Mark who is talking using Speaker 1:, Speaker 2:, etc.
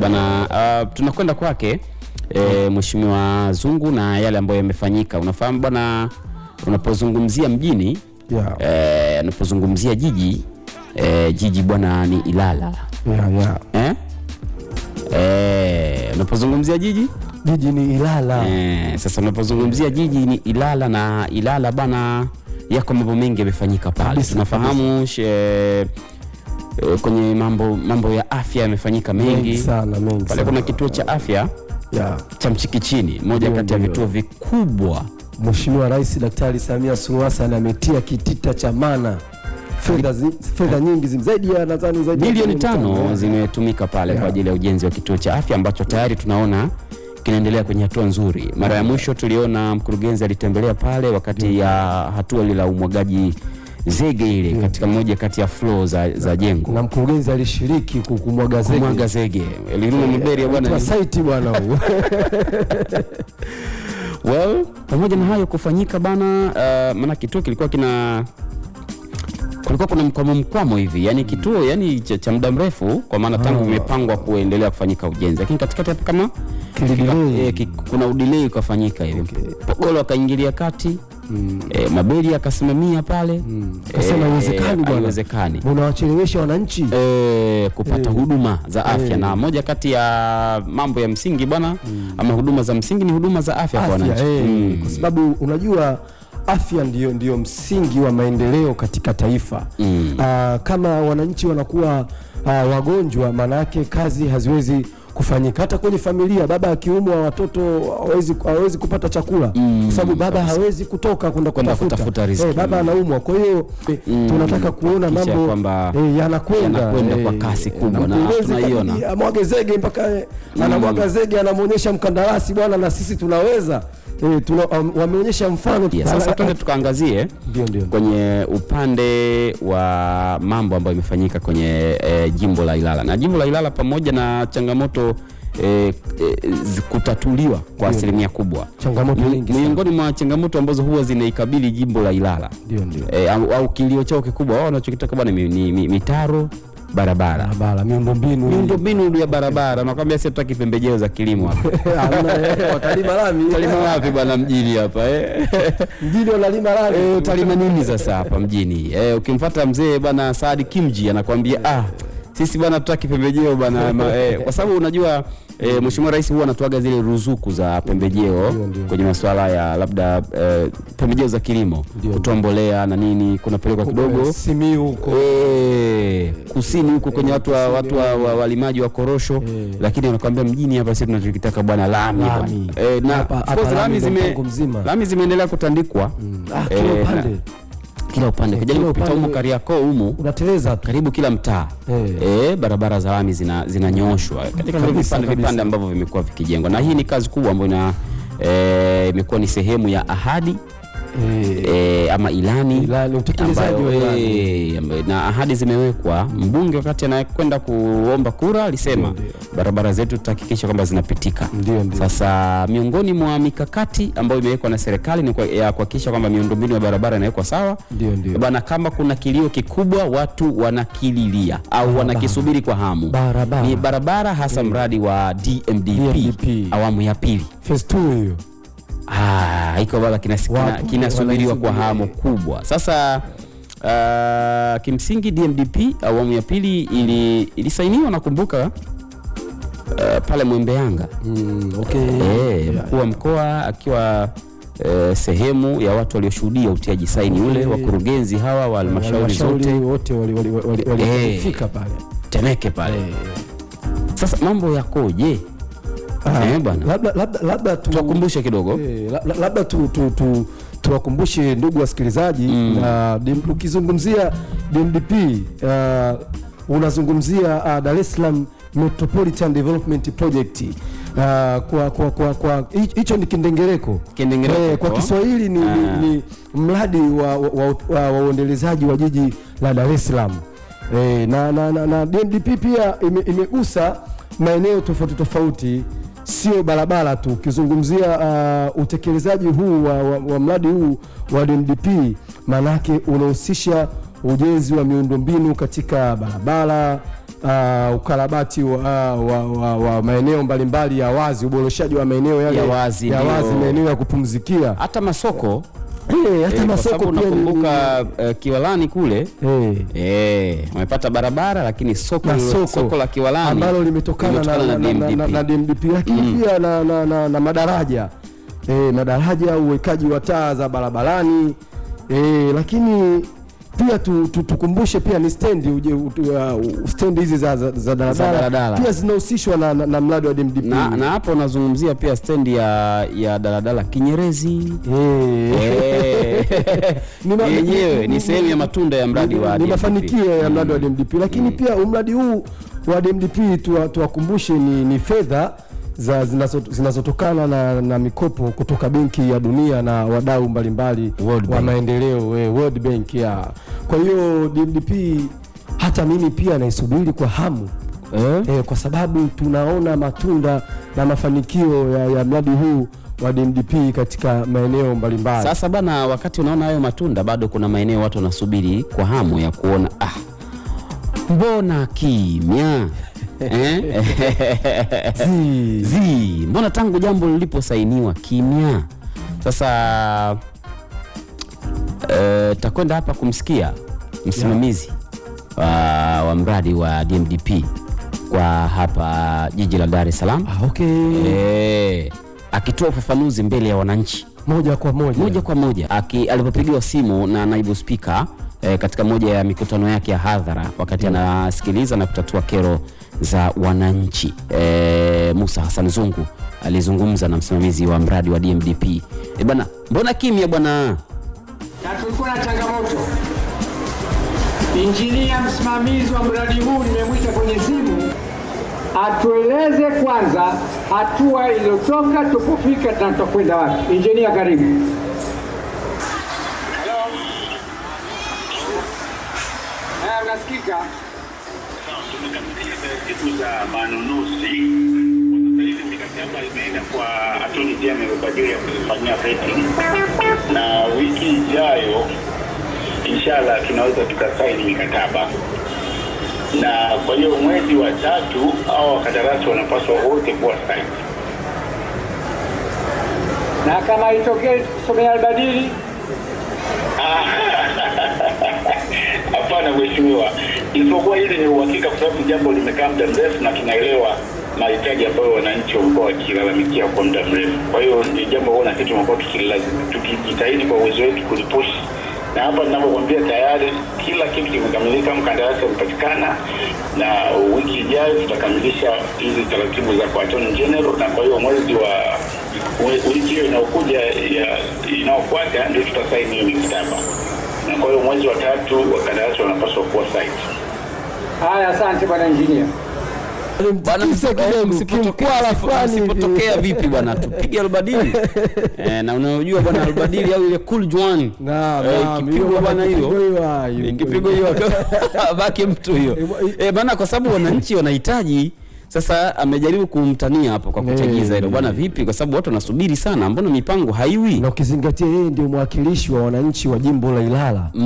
Speaker 1: Bana, uh, tunakwenda kwake e, Mheshimiwa Zungu na yale ambayo yamefanyika. Unafahamu bwana, unapozungumzia mjini yeah. E, unapozungumzia jiji e, jiji bwana ni Ilala yeah, yeah. Eh? E, unapozungumzia jiji
Speaker 2: jiji ni Ilala
Speaker 1: e, sasa unapozungumzia jiji ni Ilala na Ilala bana, yako mambo mengi yamefanyika pale, tunafahamu Eh, kwenye mambo mambo ya afya yamefanyika mengi
Speaker 2: sana, mengi
Speaker 1: pale. Kuna kituo cha afya yeah. cha Mchikichini, moja kati ya vituo vikubwa.
Speaker 2: Mheshimiwa Rais Daktari Samia Suluhu Hassan ametia kitita cha mana fedha fedha nyingi zaidi ya nadhani zaidi
Speaker 1: bilioni tano zimetumika pale yeah. kwa ajili ya ujenzi wa kituo cha afya ambacho tayari tunaona kinaendelea kwenye hatua nzuri. Mara ya mwisho tuliona mkurugenzi alitembelea pale wakati yeah. ya hatua ile la umwagaji zege ile yeah, mm. katika moja kati ya floor za, za jengo
Speaker 2: na mkurugenzi alishiriki kumwaga zege,
Speaker 1: kumwaga zege mberi eh, ya bwana
Speaker 2: site bwana huyo
Speaker 1: well, pamoja na hayo kufanyika bana uh, maana kituo kilikuwa kina kulikuwa kuna mkwamo mkwamo hivi yani kituo yani cha muda mrefu kwa maana tangu umepangwa ah. kuendelea kufanyika ujenzi, lakini katikati hapo kama
Speaker 2: eh,
Speaker 1: kuna udelay ukafanyika hivi okay. Pogolo akaingilia kati mm. E, Mabeli akasimamia pale mm.
Speaker 2: Eh, akasema haiwezekani
Speaker 1: bwana,
Speaker 2: unawachelewesha wananchi
Speaker 1: e, kupata e. huduma za afya e. na moja kati ya mambo ya msingi bwana mm. ama huduma za msingi ni huduma za afya, afya kwa
Speaker 2: wananchi e. mm. kwa sababu unajua afya ndiyo, ndio msingi wa maendeleo katika taifa mm. Aa, ah, kama wananchi wanakuwa uh, wagonjwa, maana yake kazi haziwezi kufanyika. Hata kwenye familia baba akiumwa watoto hawezi hawezi kupata chakula mm, kwa sababu baba hawezi kutoka kwenda kutafuta, riziki. Hey, eh, baba anaumwa. Kwa hiyo mm, tunataka kuona mambo hey, eh, yanakwenda
Speaker 1: yanakwenda hey, kwa eh, kasi kubwa na tunaiona
Speaker 2: amwage zege mpaka mm, anamwaga zege anamwonyesha mkandarasi bwana, na sisi tunaweza E, tuna, um, wameonyesha mfano
Speaker 1: yeah, Sasa twende tukaangazie kwenye upande wa mambo ambayo imefanyika kwenye e, jimbo la Ilala na jimbo la Ilala pamoja na changamoto E, e, kutatuliwa kwa asilimia kubwa. Miongoni mwa changamoto ambazo huwa zinaikabili jimbo la Ilala e, au, au kilio chao kikubwa wao wanachokitaka bwana ni mitaro barabara
Speaker 2: barabara, miundombinu
Speaker 1: miundombinu ya barabara. Nakwambia sisi tutaki pembejeo za kilimo hapa
Speaker 2: eh, eh, watalima lami,
Speaker 1: utalima wapi bwana mjini hapa eh?
Speaker 2: mjini unalima lami
Speaker 1: eh, utalima nini sasa hapa mjini eh? Ukimfuata mzee bwana saadi Kimji anakuambia ah sisi bwana tutaki pembejeo bwana eh, kwa sababu unajua eh, Mheshimiwa Rais huwa anatuaga zile ruzuku za pembejeo kwenye masuala ya labda eh, pembejeo za kilimo kutombolea na nini kunapelekwa kidogo
Speaker 2: Simiu huko
Speaker 1: eh, kusini huko kwenye eh, watu wa watu wa walimaji wa korosho, eh. lakini anakuambia mjini hapa sisi tunachokitaka bwana lami lami, eh, na lami zimeendelea kutandikwa mm. eh, ah, kila upande ukijaribu kupita humu Kariakoo humu unateleza karibu kila mtaa hey. Eh. E, eh, barabara za lami zinanyoshwa zina katika vipande vipande ambavyo vimekuwa vikijengwa, na hii ni kazi kubwa ambayo ina e, imekuwa ni sehemu ya ahadi e, e, ama ilani, ilani utekelezaji e, na ahadi zimewekwa. Mbunge wakati anakwenda kuomba kura alisema barabara zetu tutahakikisha kwamba zinapitika. Ndiyo, ndiyo. Sasa miongoni mwa mikakati ambayo imewekwa na serikali ni kwa, ya kuhakikisha kwamba miundombinu ya barabara inawekwa sawa bana, kama kuna kilio kikubwa watu wanakililia au wanakisubiri kwa hamu
Speaker 2: barabara, ni
Speaker 1: barabara hasa mradi wa DMDP, DMDP awamu ya pili.
Speaker 2: 2 hiyo
Speaker 1: Ah, iko bado kinasubiriwa kina kwa hamu kubwa. Sasa uh, kimsingi DMDP awamu ya pili ili, ilisainiwa nakumbuka uh, pale Yanga.
Speaker 2: mm, okay.
Speaker 1: Eh, yeah, mkuu wa mkoa akiwa uh, sehemu ya watu walioshuhudia utiaji saini ule, wakurugenzi hawa wa halmashauri zote wote eh, walifika pale Temeke pale. Sasa mambo yakoje? Ah. Eh,
Speaker 2: labda labda
Speaker 1: tuwakumbushe kidogo
Speaker 2: eh, labda tu, tu, tu tuwakumbushe ndugu wasikilizaji mm. uh, ukizungumzia DMDP uh, unazungumzia uh, Dar es Salaam Metropolitan Development Project uh, kwa kwa kwa kwa hicho ni kindengereko,
Speaker 1: kindengereko. Eh,
Speaker 2: kwa Kiswahili ni, ni, ah. ni mradi wa wa uendelezaji wa, wa, wa jiji la Dar es Salaam eh, na, na, na, na DMDP pia imegusa ime maeneo tofauti tofauti sio barabara tu. Ukizungumzia uh, utekelezaji huu wa, wa, wa mradi huu wa DMDP maanake unahusisha ujenzi wa miundombinu katika barabara Uh, ukarabati wa, wa, wa, wa, wa maeneo mbalimbali ya wazi, uboreshaji wa maeneo yale ya wazi, maeneo ya kupumzikia,
Speaker 1: hata masoko
Speaker 2: Eh, hata eh, masoko pia
Speaker 1: nakumbuka uh, eh, Kiwalani kule hey. Hey, barabara lakini soko, soko, soko la Kiwalani
Speaker 2: ambalo limetokana na, na, na, na, na, na DMDP lakini mm. pia na, na, na, na madaraja hey, madaraja, uwekaji wa taa za barabarani hey, lakini pia tu, tu, tukumbushe pia ni stendi uh, stendi hizi za, za, za daladala pia zinahusishwa na, na, na mradi wa DMDP
Speaker 1: na hapo unazungumzia pia stendi ya, ya daladala Kinyerezi yenyewe ni sehemu ya matunda ya mradi wa ni mafanikio ya mradi wa mm. DMDP, lakini mm. pia mradi huu wa DMDP tuwakumbushe ni, ni fedha zinazotokana na, na mikopo kutoka Benki ya Dunia na wadau mbalimbali wa maendeleo eh, World Bank ya. Kwa hiyo DDP hata mimi pia naisubiri kwa hamu eh? Eh, kwa sababu tunaona matunda na mafanikio ya, ya mradi huu wa DMDP katika maeneo mbalimbali. Sasa bana, wakati unaona hayo matunda, bado kuna maeneo watu wanasubiri kwa hamu ya kuona ah, mbona kimya? Eh? zi, Mbona tangu jambo liliposainiwa kimya? Sasa eh, takwenda hapa kumsikia msimamizi wa, mradi wa DMDP kwa hapa jiji la Dar es Salaam. Ah, okay. E, akitoa ufafanuzi mbele ya wananchi moja kwa moja, moja kwa moja alipopigiwa simu na naibu spika e, katika moja ya mikutano yake ya hadhara wakati mm. anasikiliza na kutatua kero za wananchi e, Musa Hassan Zungu alizungumza na msimamizi wa mradi wa DMDP. E, eh, bana, mbona kimya bwana? Na tulikuwa na changamoto. Injinia msimamizi wa mradi huu nimemwita kwenye simu atueleze kwanza hatua iliyotoka, tupofika tunatokwenda wapi. Injinia, karibu. zetu za manunuzi mikataba imeenda kwa kwa ajili ya kuzifanyia na wiki ijayo inshallah tunaweza tukasaini mikataba na kwa hiyo mwezi wa tatu au wakandarasi wanapaswa wote kuwa saini. Na kama itokee somea albadili, hapana mheshimiwa isipokuwa ile ni uhakika, kwa sababu jambo limekaa muda mrefu na tunaelewa mahitaji ambayo wananchi wamekuwa wakilalamikia kwa muda mrefu. Kwa hiyo ni jambo ambalo nafikiri tumekuwa tukijitahidi kwa uwezo wetu kulipush, na hapa ninapokuambia tayari kila kitu kimekamilika, mkandarasi amepatikana, na wiki ijayo tutakamilisha hizi taratibu za kwa Attorney General, na kwa hiyo mwezi wa wiki hiyo inaokuja ya inaofuata ndio tutasaini hiyo mikataba, na kwa hiyo mwezi wa tatu wakandarasi wanapaswa kuwa site. Haya, asante bwana injinia. Sipotokea vipi bwana, tupige albadili e, na unajua bwana albadili au ile cool juan eh, ikipigwa bwana, hiyo ikipigwa hiyo baki mtu hiyo eh bwana, kwa sababu wananchi wanahitaji sasa amejaribu kumtania hapo kwa kuchagiza hilo eh. bwana, vipi? Kwa sababu watu wanasubiri sana, mbona mipango haiwi? Na ukizingatia yeye ndio mwakilishi wa wananchi wa jimbo la Ilala.